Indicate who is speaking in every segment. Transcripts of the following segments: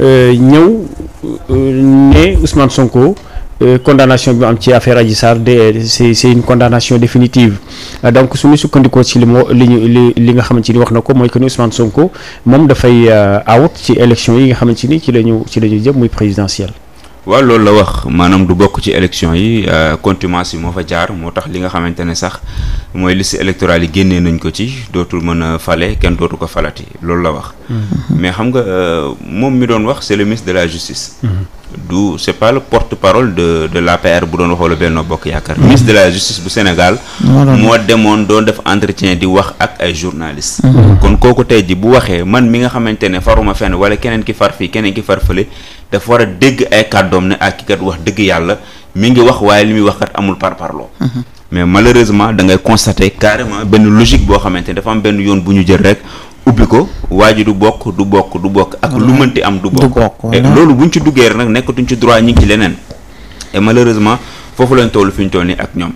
Speaker 1: Euh, ñëw euh, ne Ousmane Sonko euh, condamnation bi mu am ci affaire Adji Sarr de c'est c'est une condamnation définitive donc suñu sukkandikoo ci li mu li ñu li li nga xamante ni wax na ko mooy que ni Ousmane Sonko moom dafay out ci élection yi nga xamante ni ci la ñu ci la ñu jëm muy présidentielle.
Speaker 2: waaw loolu la wax maanaam du bokk ci élection yi euh, contumace yi moo fa jaar moo tax li nga xamante ne sax mooy liste électorale yi génnee nañ ko ci dootul mën a fale kenn dootu ko falati loolu la wax mm-hmm. mais xam nga euh, moom mi doon wax c'est le ministre de la justice mm-hmm. du c'est pas le porte-parole de de l'APR bu doon wax wala Benno Bokk Yaakaar mm-hmm. ministre de la justice bu Sénégal moo demoon doon def entretien di wax ak ay journalistes kon kooku tey ji bu waxee man mi nga xamante ne faruma fenn wala keneen ki far fii keneen ki far fële dafa war a dégg ay kàddoom ne ak ki kat wax dëgg yàlla mi ngi wax waaye li muy wax kat amul par parloo mhm. mais malheureusement da ngay constater carrément benn logique boo xamante ni dafa am benn yoon bu ñu jël rek ubbi ko waa ji du bokk du bokk du bokk ak lu mënti am du bokk loolu bu ñu ci duggee rek nag nekkatuñ ci droit ñi ngi ci leneen malheureusement foofu lañu toll fi ñu toll nii ak ñoom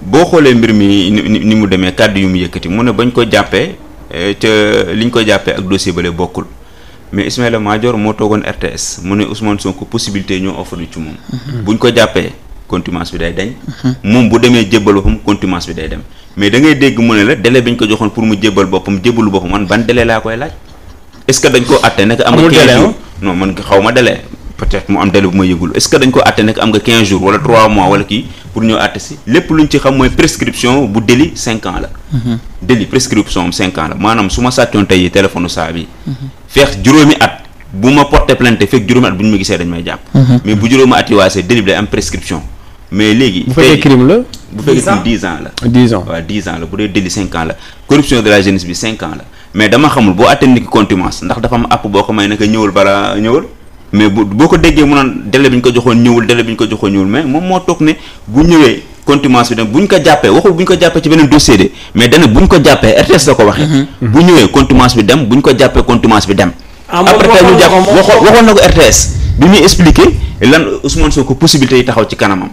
Speaker 2: boo xoolee mbir mi ni mu demee kàdd yu mu yëkkati mu ne bañ ko jàppee eh, ca liñ ko jàppee ak dossier bale bokkul mais Ismaïla Madior moo toogoon RTS mu ne Ousmane Sonko possibilité ñoo offre ci moom. buñ ko jàppee contumace bi day dañ. moom bu demee jébbal boppam contumace bi day dem mais da ngay dégg mu ne la délai bi ñu ko joxoon pour mu jébbal boppam jébbalu boppam man ban délai laa koy laaj. est que dañ ko atte nekk am nga 15 jours non man xaw ma délai peut-être mu am délai ce que dañ ko àtte nekk am nga 15 jours wala 3 mois wala kii pour ñoo àtte si lépp luñ ci xam mooy prescription bu délit 5 ans la. Mhm. délit prescription am 5 ans la maanaam su ma sàccoon tey téléphone saa bi. Mhm. feex juróomi at bu ma porté plainte fekk juróomi at bu ñu ma gisee dañ may jàpp. Mhm. mais bu juróomi at yi waasee délit bi day am prescription. mais léegi bu fekkee crime la. dix ans la dix ans la bu dee délit cinq ans la corruption de la jeunesse bi cinq ans la mais dama xamul boo atteindre ni ki ndax dafa am àpp boo ko may naka ñëwul bala ñëwul mais boo ko déggee mu naan délai bi ñu ko joxoon ñëwul délai bi ñu ko joxoon ñëwul mais moom moo toog ne contumace bi nag bu ñu ko jàppee waxul bu ñu ko jàppee ci beneen dossier de mais dana bu ko jàppee RTS la ko waxee. Mhm. bu ñëwee contumace bi dem bu ko jàppee contumace bi dem.
Speaker 1: Ah, après tey ñu waxoon
Speaker 2: waxoon RTS bi muy expliquer lan Ousmane Sonko possibilité yi taxaw ci kanamam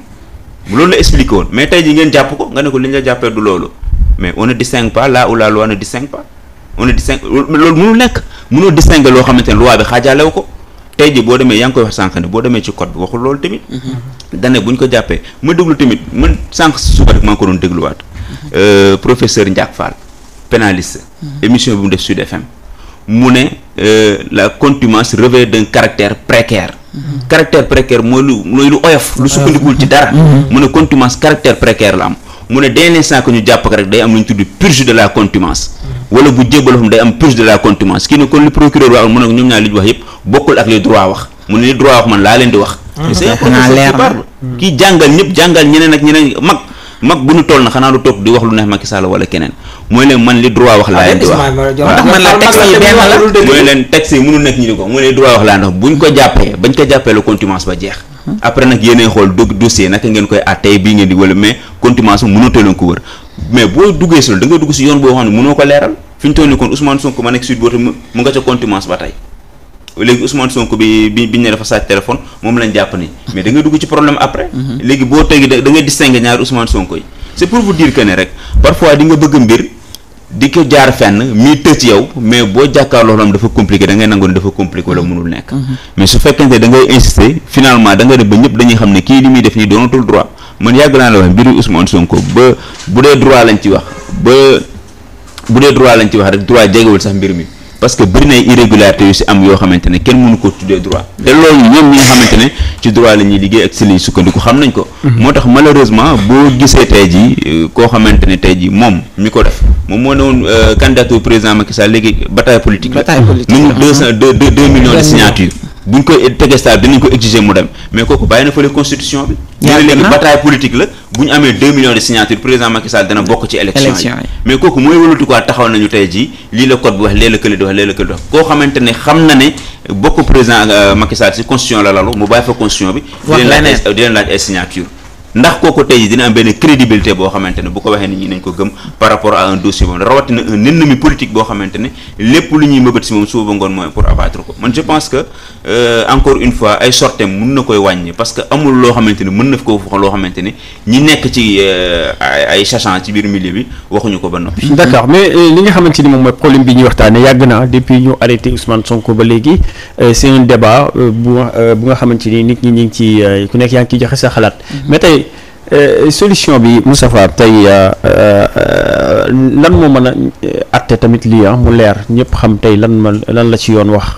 Speaker 2: loolu la expliqué woon mais tey ji ngeen jàpp ko nga ne ko li ñu la jàppee du loolu mais on ne distingue pas là où la loi ne distingue pas on ne distingue loolu mënul nekk mënoo distinguer loo xamante ne loi bi xaajaalew ko tey ji boo demee yaa ngi koy wax sànq ne dane bu ñu ko jàppee ma déglu tamit man sànq si rek maa ngi ko doon dégluwaat euh, professeur Ndiak Fall pénaliste mhm. émission bi mu def Sud FM mu ne euh, la contumace revêt d'un caractère précaire mhm. caractère précaire mooy lu mooy lu oyof lu sukkandikuwul ci dara mhm. mu ne contumace caractère précaire la am mu ne dès l'instant que ñu jàpp ko rek day am lu ñu tudd purge de la contumace wala bu jébbalofam day am purge de la contumace kii ne kon li procureur wax mu ne ñoom ñaar laa leen di wax c'est un professeur qui parle kii jàngal ñëpp jàngal ñeneen ak ñeneen mag mag bu ñu toll na xanaa du toog di wax lu neex Macky Sall wala keneen mooy leen man li droit wax laa ah, leen la texte yi benn la mooy leen texte yi mënul nekk ñu ni ko mooy leen droit wax laa ndox buñ ko jàppee bañ ko jàppee la contumace ba jeex mmh. après nag yéenee xool do dossier naka ngeen koy àttee bii ngeen di wala mais contumace bu mënatoo leen ko wër mais boo duggee si loolu dugg si yoon boo xam ne mënoo ko lee fi ñu toll nii kon Ousmane mu nga ca ba tey léegi Ousmane Sonko bi bi biñ ne dafa sàcc téléphone moom lañ jàpp ni mais da nga dugg ci problème après. Mhm. léegi boo tegi da nga distinguer ñaari Ousmane Sonko yi. c'est pour vous dire que ne rek parfois di nga bëgg mbir di ko jaar fenn mii tëj yow mais boo jàkkaarloo xam dafa compliqué dangay ngay nangoon dafa compliqué wala mhm. mënul nekk. Mhm. mais su fekkente da ngay insister finalement da nga dem ba ñëpp dañuy xam ne kii li muy def nii doonatul droit man yàgg naa la wax mbiru Ousmane Sonko ba bu dee droit lañ ci wax ba bu dee lañ ci wax rek droit jegewul sax mbir mi. parce que bëri na yu si am yoo xamante ne kenn mënu ko tuddee droit te loolu ñoom ñi nga xamante ne ci droit la ñuy liggéey ak si lañuy sukkandiku xam nañ ko mhm. moo tax malheureusement boo gisee tey ji euh, koo xamante ne tey ji moom mi ko def moom moo ne woon euh, candidature président Macky Sall léegi bataille politique la nu deux millions de signatures buñ koy tegee stade dinañ ko exiger mu dem mais kooku bàyyi na fële constitution bi. yaa léegi bataille politique la bu ñu amee 2 millions de signature président Macky Sall dana bokk ci. élection yi mais kooku mooy wëlatu taxaw nañu tey jii lii la code bi wax lee la kële wax lee la kële wax koo xamante xam na ne bokk président euh, Macky Sall si constitution la lalu mu bàyyi fa constitution bi. di leen laaj ay signature ndax kooku tey jii dina am benn crédibilité boo xamante ne bu ko waxee ni ñi nañ ko gëm par rapport à un dossier moom rawatina un ennemi politique boo xamante lépp lu ñuy mëbët si moom suba ba ngoon mooy pour abattre ko man je pense que euh, encore une fois ay sortem mun na koy wàññi parce que amul loo xamante ne mën na ko wax loo xamante ne ñi nekk ci euh, ay sachant ci biir milieu bi waxuñu ko ba noppi.
Speaker 1: d'accord mais euh, li nga xamante ni moom mooy problème bi ñuy yàgg na depuis ñu arrêté Ousmane Sonko ba léegi c'est débat bu bu nga xamante ni nit ñi ñu ngi ci ku nekk yaa ngi ciy joxe xalaat mm-hmm. Euh, solution bi Moustapha tey euh, euh, lan moo mën a àtte tamit lii ah, mu leer ñëpp xam tey lan ma lan la ci yoon wax.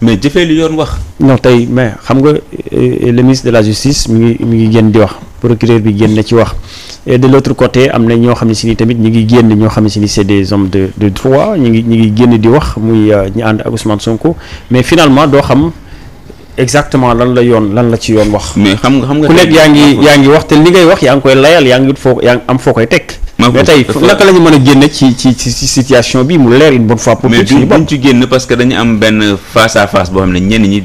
Speaker 1: mais jëfee li yoon wax. non tey mais xam nga le ministre de la justice mi ngi mi ngi génn di wax procureur bi génn na ci wax de l' autre am na ñoo xam ne si ni tamit ñi ngi génn ñoo xam ne si ni c' est des hommes de de droit ñi ngi ñi ngi génn di wax muy ñi ànd ak Ousmane Sonko mais finalement doo xam. exactement lan la yoon lan la ci yoon wax. mais xam nga xam nga ku nekk yaa ngi yaa ngi wax te li nga wax yaa ngi koy layal yaa ngi foo yaa ngi am tey naka a génne ci ci situation bi mu leer une bonne fois. mais
Speaker 2: parce que dañu am benn face à face boo xam ne ñenn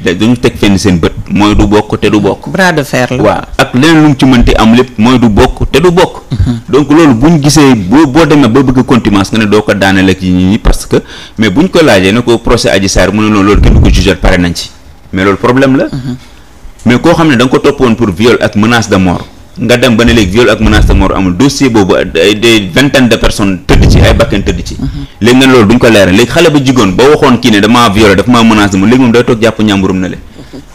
Speaker 2: seen bët. mooy du bokk bokk.
Speaker 1: bras de fer la waaw
Speaker 2: ak leneen am lépp mooy du bokk te du bokk. Mhm. donc loolu bu ñu gisee boo boo demee ba bëgg contumace nga ne doo ko daaneel ak yi parce que mais buñ ko laajee ne ko procès Adji Sarr mu ne loolu kenn ko jugé pare nañ ci mais loolu problème la. Mhm. mais koo xam ne da ko toppoon pour viol ak menace de mort. nga dem ba ne léegi viol ak menace de mort amul dossier boobu ay des vingtaine de personnes tëdd ci ay bakkan tëdd ci. Mhm. léegi nag loolu duñ ko leeral léegi xale ba jigéen ba waxoon kii ne dama violé dafa maa menace de mort léegi moom day toog jàpp ñàmburum na le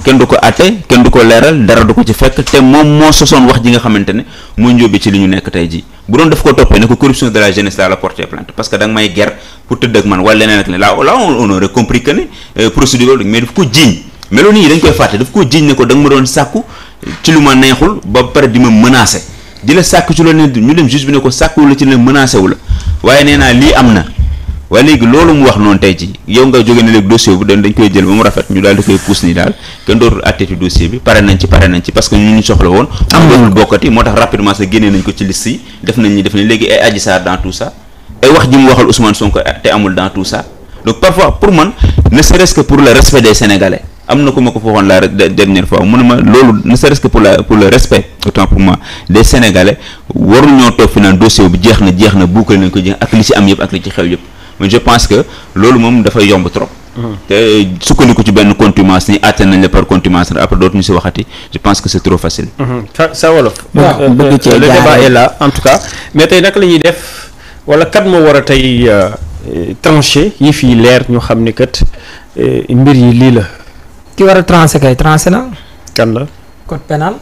Speaker 2: kenn du ko àtte kenn du ko leeral dara du ko ci fekk te moom moo sosoon wax ji nga xamante ne moo ci li ñu nekk tey ji bu doon daf ko toppee ne ko corruption de la jeunesse mais loolu nit ñi dañ koy fàtte daf koo jiiñ ne ko da nga ma doon sàkku ci lu ma neexul ba pare di ma menacé di la sàkk ci loolu ne ñu dem juge bi ne ko sàkkuwu la ci la menacé wu la waaye nee naa lii am na waaye léegi loolu mu wax noonu tey ci yow nga jóge na léegi dossier bu dañ koy jël ba mu rafet ñu daal di koy pousse nii daal kenn dootul àtte ci dossier bi pare nañ ci pare nañ ci parce que ñu ñu soxla woon am dootul bokkati moo tax rapidement sa nañ ko ci liste yi def nañ ñi def nañ léegi ay Adji Sarr dans tout ça ay wax ji mu te amul dans tout ça donc parfois pour man ne serait-ce que pour le respect am na ku ma ko foogoon la dernière fois mu ne ma loolu ne serait-ce que pour la pour le respect autant pour moi des sénégalais waruñoo toog fi dossier bi jeex na jeex na bouclé nañ ko jeex ak li ci am yëpp ak li ci xew yëpp mais je pense que loolu moom dafay yomb trop. te sukkandiku ci benn contumace ni àtte nañ la par contumace après dootuñu si waxati je pense que c'est trop facile.
Speaker 1: sa sa euh, euh, en tout cas mais tey naka la ñuy def wala kat moo war a tey euh, tranché yi fii leer ñu xam ni kat mbir yi lii la. ki war a tranché kay tranché na. kan la. code pénal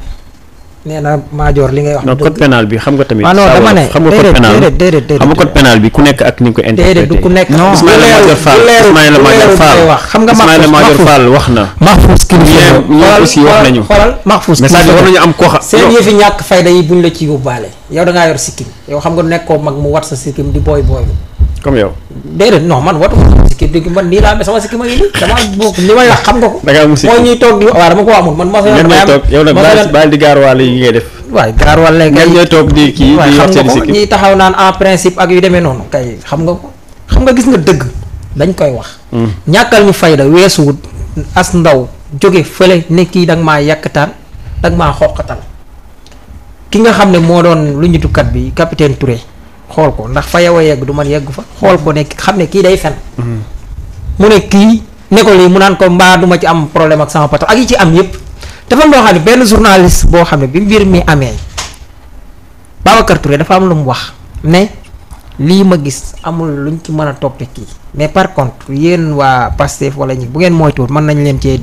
Speaker 1: nee na maajoor li ngay wax. non code pénal bi xam nga tamit. ah non dama ne déedéet déedéet déedéet xam nga code pénal bi ku nekk ak ni ko. interprété déedéet du ku nekk. non Ismaïla Madior Fall wax xam nga Ismaïla Madior Fall wax na. Mahfouz kilifa ñoom aussi wax nañu. xoolal Mahfouz kilifa message war nañu am koo seen yëfi ñàkk fayda yi buñ la ci yóbbaale. yow da ngaa yor sikkim yow xam nga nekkoo mag mu wat sa sikkim di booy booy. comme yow. déedéet non man watuma sikki dëgg man nii laa amee sama sikki ma ngi nii dama bokk li may wax xam nga ko. mooy ñuy toog waaw dama ko amul man. ma sa ma toog yow nag baal baal di gaarwaale yi ngay def. waay gaarwaale taxaw naan en principe ak yu deme noonu kay xam nga ko xam nga gis nga dëgg dañ koy wax. Hmm. ñàkkal ñu fayda weesuwut as ndaw jóge fële ne kii da nga maa yàkkataan da nga maa xoqatal ki nga xam ne moo doon lu ñutukat bi capitaine Touré xool ko ndax fa yow a yegg du man yegg fa xool ko nekk xam ne kii day fen mu ne kii ne ko mu naan ko mbaa duma ci am problème ak sama patron ak yi ci am yëpp dafa am loo benn journaliste boo xam ne bi mbir mi amee Babacar Touré dafa am lu mu wax ne lii ma gis amul luñ ci mën a toppe kii mais par contre yéen waa Pastef wala ñi bu ngeen moytuwul mën nañ leen cee